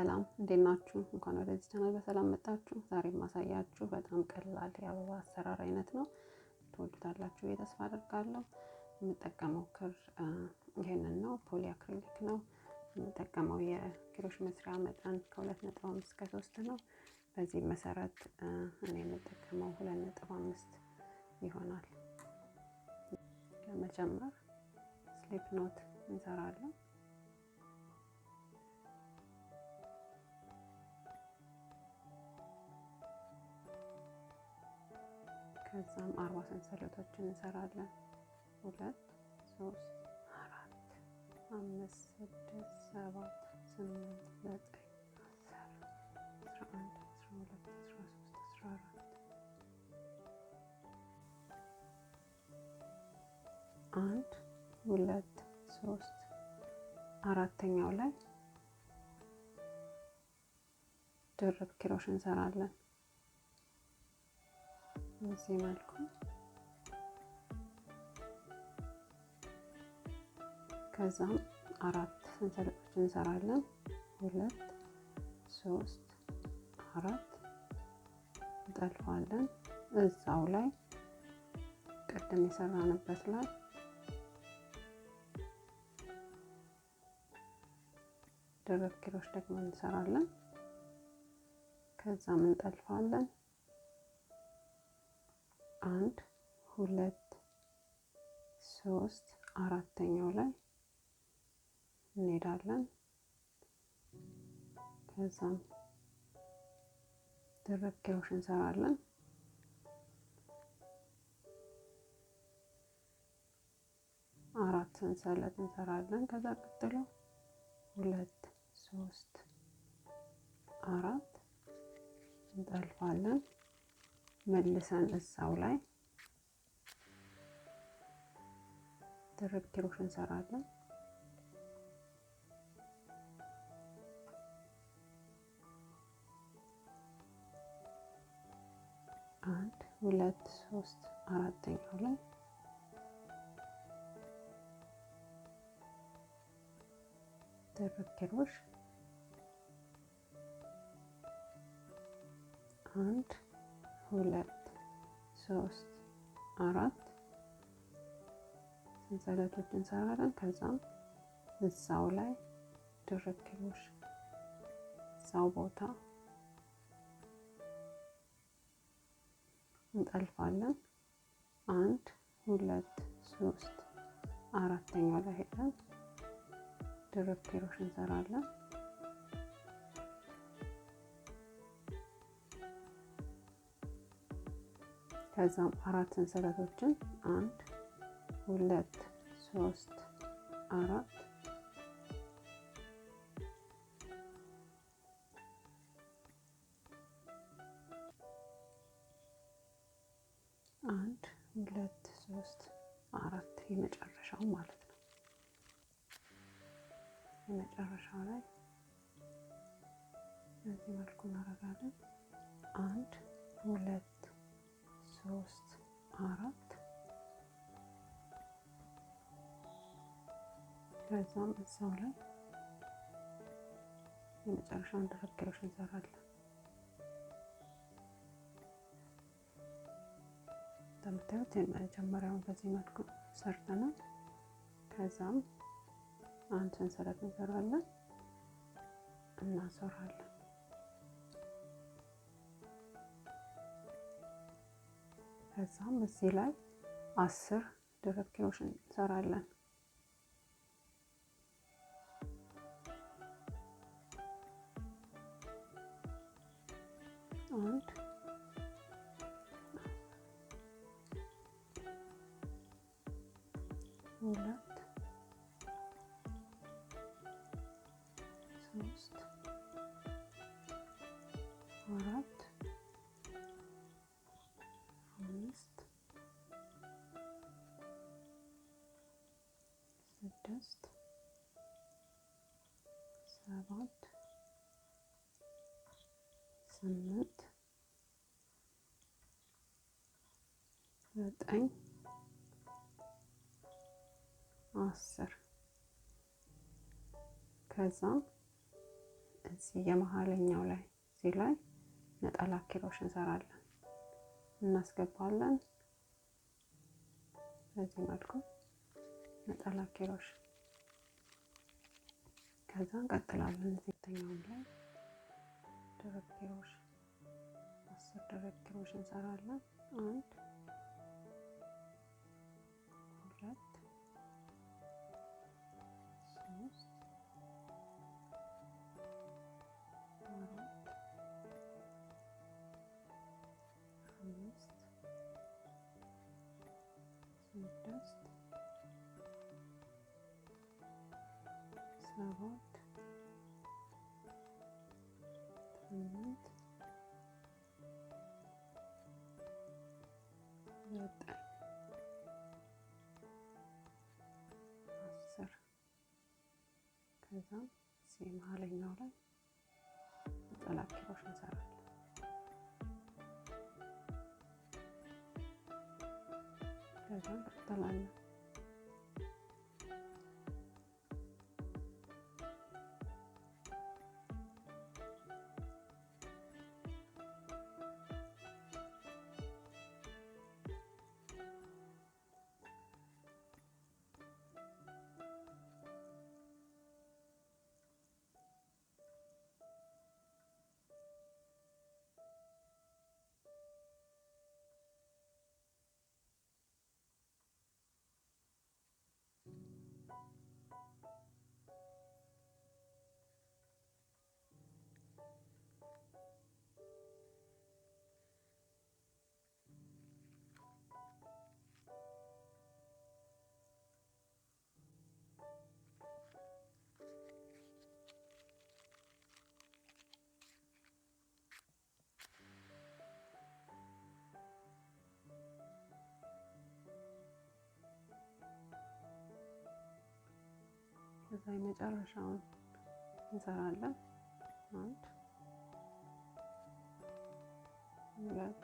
ሰላም እንዴት ናችሁ? እንኳን ወደዚህ ቻናል በሰላም መጣችሁ። ዛሬ ማሳያችሁ በጣም ቀላል የአበባ አሰራር አይነት ነው። ትወዱታላችሁ ብዬ ተስፋ አድርጋለሁ። የምጠቀመው ክር ይህንን ነው፣ ፖሊ አክሪሊክ ነው የምጠቀመው። የኪሮሽ መስሪያ መጠን ከሁለት ነጥብ አምስት እስከ ነው። በዚህ መሰረት እኔ የምጠቀመው ሁለት ነጥብ አምስት ይሆናል። ለመጨመር ስሊፕ ኖት እንሰራለን ከዛም አርባ ሰንሰለቶችን እንሰራለን። ሁለት ሶስት አራት አምስት ስድስት ሰባት ስምንት ዘጠኝ አስር አስራ አንድ አስራ ሁለት አስራ ሶስት አስራ አራት አንድ ሁለት ሶስት አራተኛው ላይ ድርብ ኪሮሽ እንሰራለን። በዚህ መልኩ ከዛም አራት ሰንሰለቶች እንሰራለን። ሁለት፣ ሶስት፣ አራት እንጠልፋለን። እዛው ላይ ቅድም የሰራንበት ላይ ድርብ ኪሎች ደግሞ እንሰራለን። ከዛም እንጠልፋለን። አንድ ሁለት ሶስት አራተኛው ላይ እንሄዳለን። ከዛም ድርብያዎች እንሰራለን። አራት ሰንሰለት እንሰራለን። ከዛ ቀጥሎ ሁለት ሶስት አራት እንጠልፋለን። መልሰን እዛው ላይ ድርብ ክሮሽ እንሰራለን። አንድ ሁለት ሶስት አራተኛው ላይ ድርብ ክሮሽ አንድ ሁለት ሶስት አራት ሰንሰለቶች እንሰራለን። ከዛም እዛው ላይ ድርብ ክሎሽ እዛው ቦታ እንጠልፋለን። አንድ ሁለት ሶስት አራተኛው ላይ ሄደን ድርብ እንሰራለን። ከዛም አራት ሰንሰለቶችን አንድ ሁለት ሶስት አራት አንድ ሁለት ሶስት አራት የመጨረሻው ማለት ነው። የመጨረሻው ላይ በዚህ መልኩ እናደርጋለን። አንድ ሁለት ሶስት አራት ከዛም እዛው ላይ የመጨረሻውን ተከታዮች እንሰራለን። እንደምታዩት የመጀመሪያውን በዚህ መልኩ ሰርተናል። ከዛም አንድ ሰንሰለት እንሰራለን እናሰራለን። ከዛም እዚህ ላይ አስር ድርብ ኪሎሽን እንሰራለን። ስድስት ሰባት ስምንት ዘጠኝ አስር ከዛ እዚህ የመሀለኛው ላይ እዚህ ላይ ነጠላ ኪሮሽ እንሰራለን፣ እናስገባለን በዚህ መልኩ ነጠላ ኪሮሽ ከዛ እንቀጥላለን ሁለተኛውን ላይ ድርድሮች አስር ድርድሮች እንሰራለን። አንድ ሁለት ሶስት አራት አምስት ስድስት ይወጣል። አስር ከዛም መሀለኛው ላይ ነጠላ እንሰራለን። ከዛም እዛ የመጨረሻውን እንሰራለን። አንድ ሁለት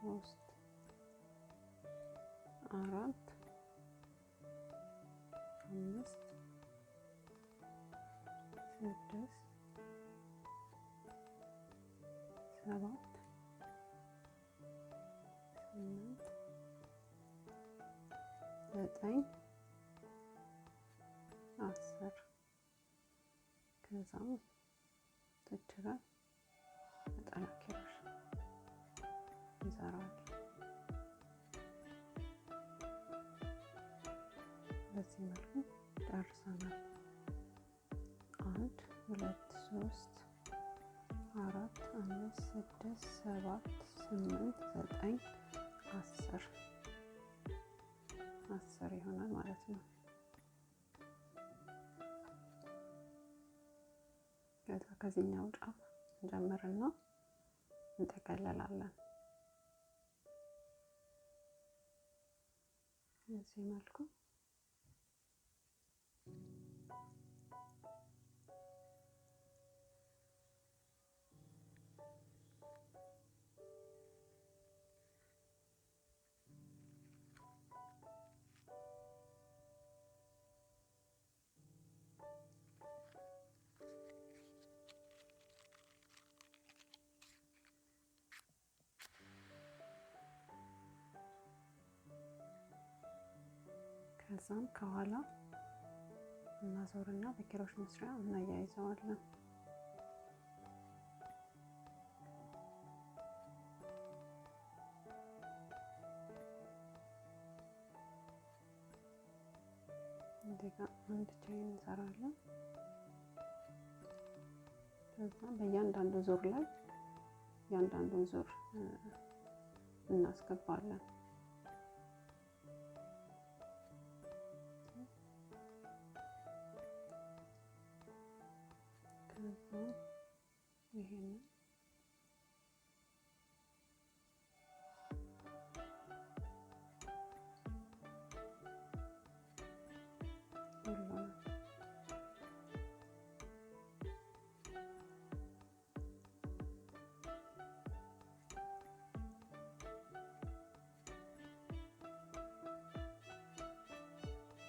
ሶስት አራት አምስት ስድስት ሰባት ስምንት ዘጠኝ ከዛም ትችላል ዘጠና ኪሎ እንሰራዋለን። በዚህ መልኩ ጨርሰናል። አንድ ሁለት ሶስት አራት አምስት ስድስት ሰባት ስምንት ዘጠኝ አስር አስር ይሆናል ማለት ነው። ከዛ ከዚህኛው ጫፍ እንጀምርና እንጠቀልላለን። እዚህ መልኩ ከዛም ከኋላ እናዞርና በኪሮሽ መስሪያ እናያይዘዋለን። እንደጋ አንድ ቻይን እንሰራለን። ከዛ በእያንዳንዱ ዙር ላይ እያንዳንዱን ዙር እናስገባለን። ማለት ነው።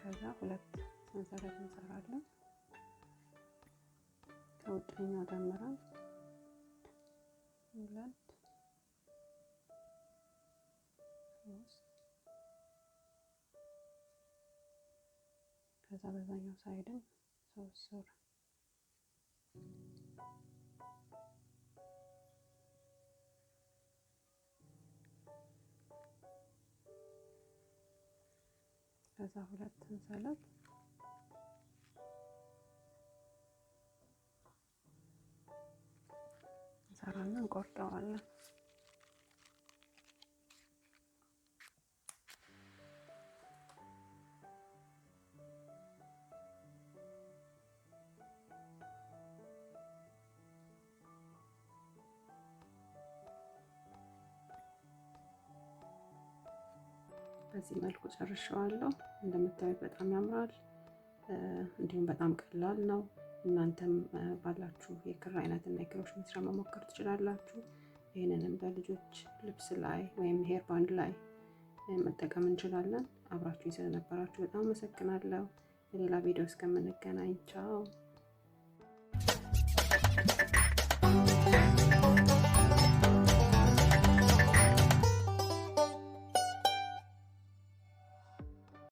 ከዛ ሁለት ሰንሰለት እንሰራለን። ሁለተኛው ደምረን ሁለት ሶስት ከዛ በዛኛው ሳይድም ሶስት ከዛ ሁለት ሰንሰለት አሁን እንቆርጠዋለን። በዚህ መልኩ ጨርሸዋለሁ። እንደምታዩት በጣም ያምራል። እንዲሁም በጣም ቀላል ነው። እናንተም ባላችሁ የክር አይነት እና የክሮሽ መስራ መሞከር ትችላላችሁ። ይህንንም በልጆች ልብስ ላይ ወይም ሄር ባንድ ላይ መጠቀም እንችላለን። አብራችሁ ስለነበራችሁ በጣም አመሰግናለሁ። በሌላ ቪዲዮ እስከምንገናኝ ቻው።